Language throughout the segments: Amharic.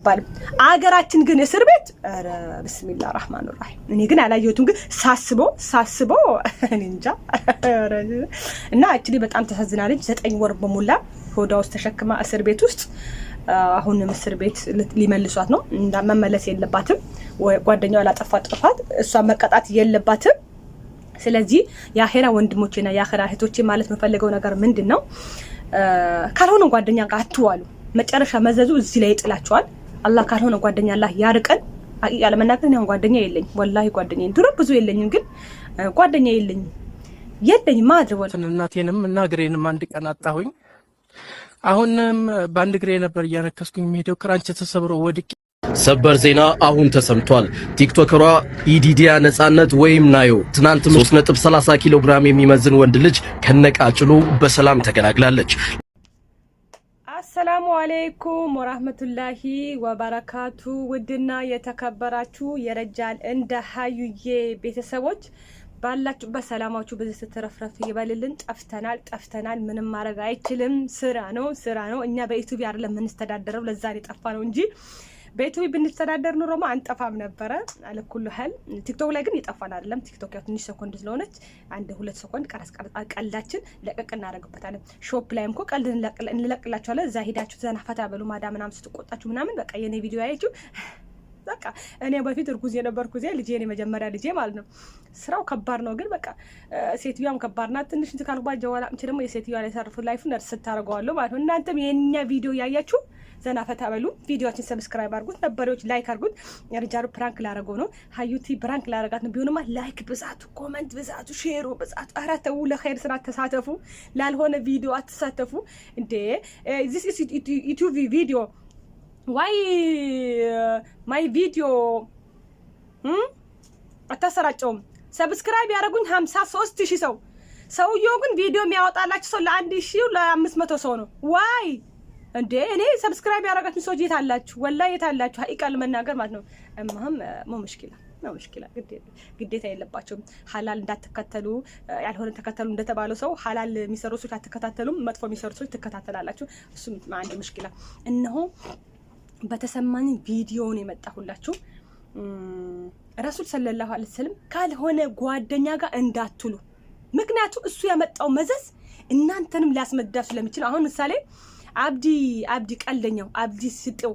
አይባልም። አገራችን ግን እስር ቤት ኧረ ብስሚላ ራህማን ራሂም። እኔ ግን አላየሁትም፣ ግን ሳስቦ ሳስቦ እንጃ። እና አክቹዋሊ በጣም ተሳዝናለች። ዘጠኝ ወር በሞላ ሆዳ ውስጥ ተሸክማ እስር ቤት ውስጥ አሁንም እስር ቤት ሊመልሷት ነው። መመለስ የለባትም ጓደኛው ላጠፋ ጥፋት እሷ መቀጣት የለባትም። ስለዚህ የአሄራ ወንድሞቼና የአሄራ እህቶቼ ማለት የምፈልገው ነገር ምንድን ነው? ካልሆነ ጓደኛ ጋር አትዋሉ። መጨረሻ መዘዙ እዚህ ላይ ይጥላቸዋል። አላህ ካልሆነ ጓደኛ አላህ ያርቀን። ሀቂቃ ለመናገር እኔ ጓደኛ የለኝ፣ ወላሂ ጓደኛ ድሮ ብዙ የለኝም፣ ግን ጓደኛ የለኝ የለኝ ማድረግ እናቴንም እና እግሬንም አንድ ቀን አጣሁኝ። አሁንም በአንድ እግሬ ነበር እያነከስኩኝ የሚሄደው ክራንች ተሰብሮ ወድቄ ሰበር ዜና አሁን ተሰምቷል። ቲክቶከሯ ኢዲዲያ ነጻነት ወይም ናዮ ትናንት 3.30 ኪሎ ግራም የሚመዝን ወንድ ልጅ ከነቃጭሉ በሰላም ተገላግላለች። አለይኩም ወራህመቱላሂ ወበረካቱ ውድና የተከበራችሁ የረጃል እንደ ሀዩዬ ቤተሰቦች ባላችሁ በሰላማችሁ ብዙ ስትረፍረፍ ይበልልን። ጠፍተናል ጠፍተናል፣ ምንም ማድረግ አይችልም። ስራ ነው ስራ ነው። እኛ በኢትዮጵያ አይደለም የምንስተዳደረው፣ ለዛ የጠፋ ነው እንጂ በኢትዮቢ ብንተዳደር ኑሮማ አንጠፋም ነበረ። አለኩሉ ህል ቲክቶክ ላይ ግን ይጠፋል አይደለም። ቲክቶክ ያው ትንሽ ሰኮንድ ስለሆነች አንድ ሁለት ሰኮንድ ቀልዳችን ለቀቅ እናደርግበታለን። ሾፕ ላይም እኮ ቀልድ እንለቅላቸዋለን። እዛ ሄዳችሁ ዘናፈታ በሉ ማዳ ምናምን ስትቆጣችሁ ምናምን በቃ የኔ ቪዲዮ ያየችው በቃ እኔ በፊት እርጉዝ የነበርኩ ጊዜ ልጄ እኔ መጀመሪያ ልጄ ማለት ነው። ስራው ከባድ ነው፣ ግን በቃ ሴትዮዋም ከባድ ናት። ትንሽ ካልኳ ጀዋላ ምቼ ደግሞ የሴትዮዋ ላይ ሰርፉ ላይፉ ነርስ ስታደርገዋለሁ ማለት ነው። እናንተም የኛ ቪዲዮ ያያችሁ ዘና ፈታ በሉ። ቪዲዮችን ሰብስክራይብ አድርጉት፣ ነበሪዎች ላይክ አድርጉት። ሪጃሩ ፕራንክ ላረገው ነው፣ ሀዩቲ ፕራንክ ላረጋት ነው። ቢሆንማ ላይክ ብዛቱ፣ ኮመንት ብዛቱ፣ ሼሩ ብዛቱ። ኧረ ተው፣ ለኸይር ስራ ተሳተፉ፣ ላልሆነ ቪዲዮ አትሳተፉ እንዴ። ዚስ ኢዝ ዩቲዩብ ቪዲዮ ዋይ ማይ ቪዲዮ አታሰራጨውም። ሰብስክራይብ ያደረጉኝ ሀምሳ ሶስት ሺህ ሰው ሰውየው ግን ቪዲዮ የሚያወጣላቸው ሰው ለአንድ ሺህ ለአምስት መቶ ሰው ነው ዋይ እንዴ እኔ ሰብስክራይብ ያደረጋችሁ ሰዎች የት አላችሁ? ወላ የት አላችሁ? ሀቂቃ ለመናገር ማለት ነው። እማህም ሙሽኪላ ነው ሙሽኪላ ግዴታ የለባቸውም። ሀላል እንዳትከተሉ ያልሆነ ተከተሉ እንደተባለው ሰው ሀላል የሚሰሩ ሰዎች አትከታተሉም፣ መጥፎ የሚሰሩ ሰዎች ትከታተላላችሁ። እሱም አንድ ሙሽኪላ። እነሆ በተሰማኝ ቪዲዮውን የመጣሁላችሁ ረሱል ሰለላሁ ዐለይሂ ወሰለም ካልሆነ ጓደኛ ጋር እንዳትሉ፣ ምክንያቱም እሱ ያመጣው መዘዝ እናንተንም ሊያስመዳችሁ ስለሚችል አሁን ምሳሌ አብዲ አብዲ ቀልደኛው አብዲ ስልጤው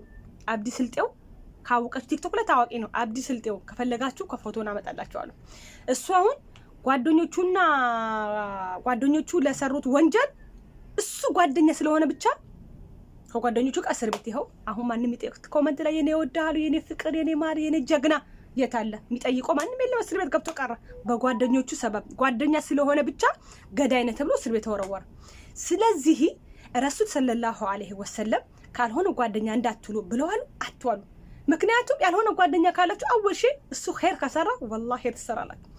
አብዲ ስልጤው ካወቀች ቲክቶክ ላይ ታዋቂ ነው። አብዲ ስልጤው ከፈለጋችሁ ከፎቶን አመጣላችኋለሁ። እሱ አሁን ጓደኞቹና ጓደኞቹ ለሰሩት ወንጀል እሱ ጓደኛ ስለሆነ ብቻ ከጓደኞቹ ጋር እስር ቤት ይኸው። አሁን ማንም የሚጠይቁት ኮመንት ላይ የኔ ወዳሉ የኔ ፍቅር፣ የኔ ማር፣ የኔ ጀግና የት አለ የሚጠይቀው ማንም የለም። እስር ቤት ገብቶ ቀረ በጓደኞቹ ሰበብ። ጓደኛ ስለሆነ ብቻ ገዳይ ተብሎ እስር ቤት ተወረወረ። ስለዚህ ረሱል ሰለላሁ አለይሂ ወሰለም ካልሆነ ጓደኛ እንዳትሉ ብለዋሉ አትዋሉ። ምክንያቱም ያልሆነ ጓደኛ ካላችሁ አወል ሺ እሱ ሄር ከሰራ ወላ ሄር ትሰራላችሁ።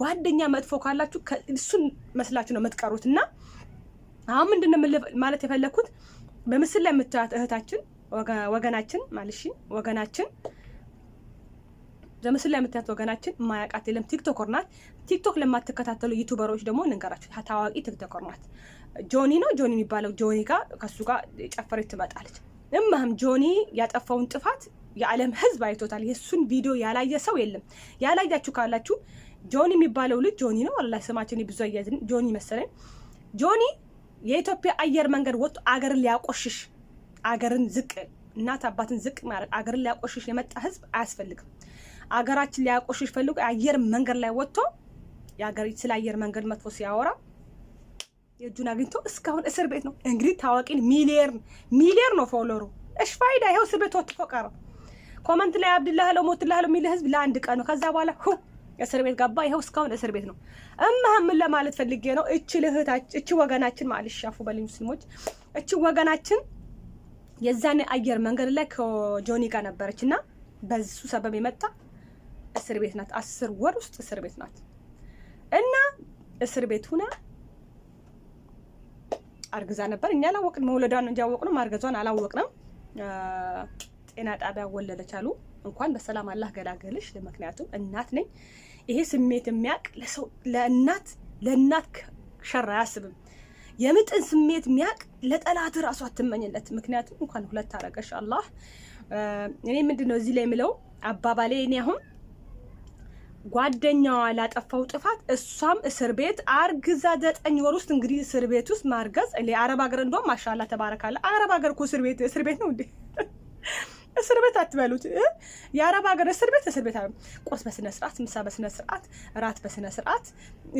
ጓደኛ መጥፎ ካላችሁ እሱን መስላችሁ ነው የምትቀሩት። እና አሁን ምንድን ማለት የፈለግኩት በምስል ላይ የምታዩት እህታችን ወገናችን ማለሽ ወገናችን በምስል ላይ የምታዩት ወገናችን ማያውቃት የለም። ቲክቶከር ናት። ቲክቶክ ለማትከታተሉ ዩቱበሮች ደግሞ ንገራችሁ፣ ታዋቂ ቲክቶከር ናት። ጆኒ ነው ጆኒ የሚባለው ጆኒ ጋር ከሱ ጋር ጨፈረች ትመጣለች። እማህም ጆኒ ያጠፋውን ጥፋት የዓለም ህዝብ አይቶታል። የእሱን ቪዲዮ ያላየ ሰው የለም። ያላያችሁ ካላችሁ ጆኒ የሚባለው ልጅ ጆኒ ነው አላ ስማችን ብዙ አያዝን ጆኒ መሰለኝ። ጆኒ የኢትዮጵያ አየር መንገድ ወጥቶ አገርን ሊያቆሽሽ አገርን ዝቅ እናት አባትን ዝቅ ማድረግ አገርን ሊያቆሽሽ የመጣ ህዝብ አያስፈልግም። አገራችን ሊያቆሽሽ ፈልጎ የአየር መንገድ ላይ ወጥቶ ስለ አየር መንገድ መጥፎ ሲያወራ የእጁን አግኝቶ እስካሁን እስር ቤት ነው። እንግዲህ ታዋቂን ሚሊየር ሚሊየር ነው ፎሎሩ። እሽ ፋይዳ ይኸው እስር ቤት ወጥፎ ቀረ። ኮመንት ላይ አብድላህ ለው ሞትላህ ለው የሚል ህዝብ ለአንድ ቀን ነው። ከዛ በኋላ ሁ እስር ቤት ገባ። ይኸው እስካሁን እስር ቤት ነው። እምህም ለማለት ፈልጌ ነው። እች ልህታች እች ወገናችን ማለት ሻፉ በልኝ ሙስሊሞች እች ወገናችን የዛን አየር መንገድ ላይ ከጆኒ ጋር ነበረች እና በሱ ሰበብ የመጣ እስር ቤት ናት። አስር ወር ውስጥ እስር ቤት ናት እና እስር ቤት ሁና አርግዛ ነበር። እኛ አላወቅን፣ መውለዷን ነው እንጂ ያወቅነው ማርገዟን አላወቅንም። ጤና ጣቢያ ወለደች አሉ። እንኳን በሰላም አላህ ገላገልሽ። ምክንያቱም እናት ነኝ። ይሄ ስሜት የሚያውቅ ለሰው ለእናት ለእናት ሸር አያስብም። የምጥን ስሜት የሚያውቅ ለጠላት ራሱ አትመኝለት። ምክንያቱም እንኳን ሁለት አረገሽ አላህ። እኔ ምንድን ነው እዚህ ላይ የምለው አባባሌ እኔ አሁን ጓደኛዋ ላጠፋው ጥፋት እሷም እስር ቤት አርግዛ ዘጠኝ ወር ውስጥ እንግዲህ እስር ቤት ውስጥ ማርገዝ አረብ ሀገር እንደውም ማሻላ ተባረካለ። አረብ ሀገር እኮ እስር ቤት እስር ቤት ነው እንዴ? እስር ቤት አትበሉት። የአረብ ሀገር እስር ቤት እስር ቤት ቁርስ በስነ ስርዓት፣ ምሳ በስነ ስርዓት፣ እራት በስነ ስርዓት።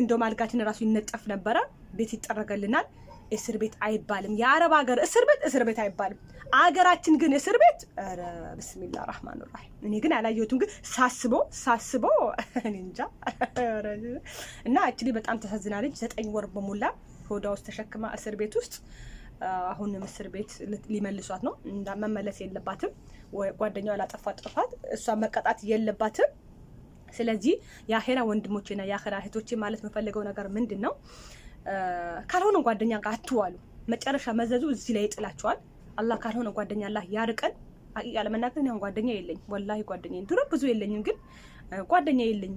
እንደውም አልጋችን ራሱ ይነጠፍ ነበረ። ቤት ይጠረገልናል። እስር ቤት አይባልም። የአረብ ሀገር እስር ቤት እስር ቤት አይባልም። አገራችን ግን እስር ቤት ኧረ ብስሚላ ራህማን ራሂም። እኔ ግን አላየሁትም፣ ግን ሳስበው ሳስበው እንጃ እና አክቹዋሊ በጣም ተሳዝናለች። ዘጠኝ ወር በሞላ ሆዷ ውስጥ ተሸክማ እስር ቤት ውስጥ አሁንም እስር ቤት ሊመልሷት ነው። መመለስ የለባትም ጓደኛዋ ላጠፋት ጥፋት እሷ መቀጣት የለባትም። ስለዚህ የአሄራ ወንድሞቼና የአሄራ እህቶቼ ማለት የምፈልገው ነገር ምንድን ነው? ካልሆነ ጓደኛ ጋር አትዋሉ። መጨረሻ መዘዙ እዚህ ላይ ይጥላቸዋል። አላህ ካልሆነ ጓደኛ አላህ ያርቀን። ሀቂቃ ለመናገር ያሁን ጓደኛ የለኝ ወላሂ፣ ጓደኛ ድሮ ብዙ የለኝም፣ ግን ጓደኛ የለኝ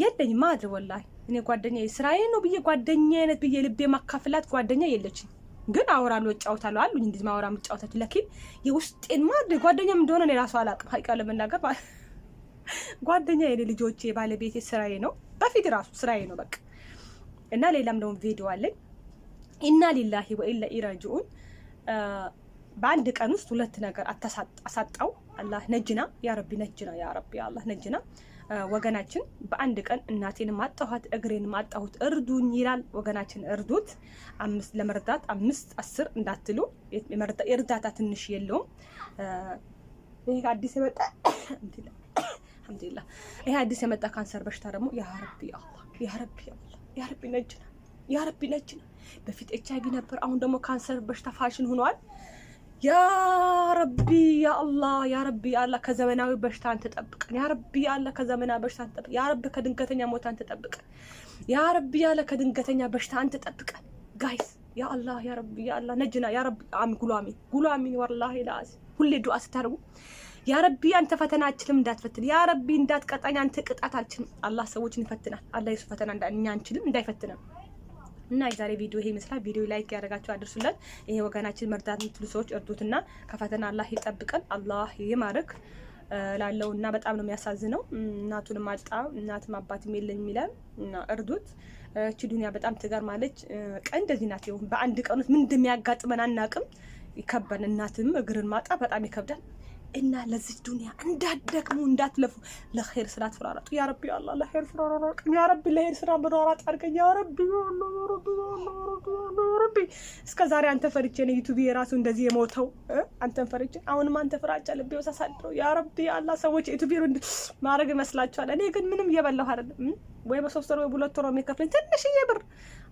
የለኝ ማድር ወላሂ። እኔ ጓደኛ ስራዬ ነው ብዬ ጓደኛ አይነት ብዬ ልቤ ማካፍላት ጓደኛ የለችኝ፣ ግን አወራለሁ፣ እጫወታለሁ አሉ እንዲ ማወራ እጫወታለሁ። ለኪን የውስጤን ማድር ጓደኛም እንደሆነ እኔ ራሱ አላቅም። ሀቂቃ ለመናገር ጓደኛ የኔ ልጆቼ፣ ባለቤቴ፣ ስራዬ ነው። በፊት ራሱ ስራዬ ነው በቃ እና ሌላም ደግሞ ቪዲዮ አለኝ። ኢና ሊላሂ ወኢላ ኢራጅኡን በአንድ ቀን ውስጥ ሁለት ነገር አሳጣው። አላህ ነጅና ያ ረቢ፣ ነጅና ያ ረቢ፣ አላህ ነጅና። ወገናችን በአንድ ቀን እናቴን ማጣኋት እግሬን ማጣሁት እርዱኝ ይላል። ወገናችን እርዱት። አምስት ለመርዳት አምስት አስር እንዳትሉ፣ የእርዳታ ትንሽ የለውም። ይሄ አዲስ የመጣ አልሐምዱሊላህ፣ ይሄ አዲስ የመጣ ካንሰር በሽታ ደግሞ ያ ረቢ አላህ፣ ያ ረቢ አላህ ያረቢ ነጅና ያረቢ ነጅና። በፊት ኤች አይቪ ነበር፣ አሁን ደግሞ ካንሰር በሽታ ፋሽን ሆኗል። ያረቢ ያአላህ ያረቢ ከዘመናዊ በሽታ አንተ ጠብቀን። ያረቢ ያአላህ ከዘመናዊ በሽታ አንተ ጠብቀን። ያረቢ ከድንገተኛ ሞት አንተ ጠብቀን። ያረቢ ከድንገተኛ በሽታ አንተ ጠብቀን። ጋይስ ያረቢ ነጅና ያረቢ ወላሂ ሁሌ ዱአ ስታደርጉ ያ ረቢ አንተ ፈተና አችልም እንዳትፈትን፣ ያ ረቢ እንዳትቀጣኝ አንተ ቅጣት አልችልም። አላህ ሰዎችን ይፈትናል። አላህ የሱ ፈተና እኛ አንችልም እንዳይፈትነን እና የዛሬ ቪዲዮ ይሄ ይመስላል። ቪዲዮ ላይክ ያደረጋችሁ አድርሱለት። ይሄ ወገናችን መርዳት የምትሉ ሰዎች እርዱትና ከፈተና አላህ ይጠብቀን፣ አላህ ይማርክ ላለው እና በጣም ነው የሚያሳዝነው። እናቱንም አጣ፣ እናትም አባትም የለኝ የሚለን እና እርዱት። እቺ ዱኒያ በጣም ትገርማለች። ቀን እንደዚህ ናት። በአንድ ቀን ውስጥ ምን እንደሚያጋጥመን አናቅም። ይከበን። እናትም እግርን ማጣ በጣም ይከብዳል። እና ለዚህ ዱንያ እንዳትደክሙ እንዳትለፉ፣ ለኸይር ስራ አትፈራራጡ። ያ ረቢ አላ ለኸይር ስራ አራራቅም። ያ ረቢ ለኸይር ስራ ብራራጥ አድርገኝ። ያ ረቢ ረቢ እስከ ዛሬ አንተ ፈርቼ ነው ዩቱብ የራሱ እንደዚህ የሞተው አንተን ፈርቼ፣ አሁንም አንተ ፍራጫ ልቤ ውስጥ አሳድረው። ያ ረቢ አላ ሰዎች ዩቱብ ማድረግ ይመስላችኋል። እኔ ግን ምንም እየበላሁ አይደለም። ወይ በሶስት ወር ወይ በሁለት ወር የሚከፍለኝ ትንሽዬ ብር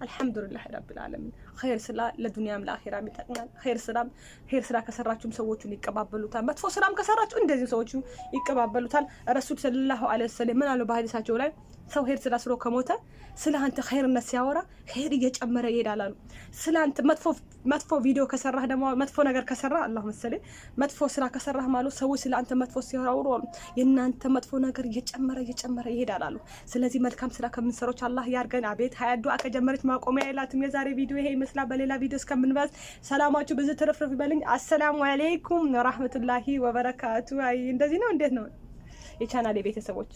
አልሐምዱሊላህ ረብል ዓለሚን። ኸይር ስራ ለዱንያም ለአኺራም ይጠቅማል። ኸይር ስራም ኸይር ስራ ከሰራችሁም ሰዎቹን ይቀባበሉታል። መጥፎ ስራም ከሰራችሁ እንደዚህ ሰዎቹ ይቀባበሉታል። ረሱል ሰለላሁ ዐለይሂ ወሰለም ምን አሉ በሐዲሳቸው ላይ ሰው ሄድ ስራ ከሞተ ስለ አንተ ኸይርነት ሲያወራ ኸይር እየጨመረ ይሄዳል አሉ። ስለ አንተ መጥፎ ቪዲዮ ከሰራህ ደግሞ መጥፎ ነገር ከሰራህ አላህ መሰለኝ መጥፎ ስራ ከሰራህ ማሉ ሰዎች ስለ አንተ መጥፎ ሲያወሩ የእናንተ መጥፎ ነገር እየጨመረ እየጨመረ ይሄዳል አሉ። ስለዚህ መልካም ስራ ከምንሰሮች አላህ ያርገን። አቤት ሀያ ዱዓ ከጀመረች ማቆሚያ የላትም። የዛሬ ቪዲዮ ይሄ ይመስላል። በሌላ ቪዲዮ እስከምንበዝ ሰላማችሁ ብዙ ትርፍርፍ ይበልኝ። አሰላሙ አሌይኩም ወራህመቱላሂ ወበረካቱ። አይ እንደዚህ ነው እንዴት ነው የቻናሌ ቤተሰቦች?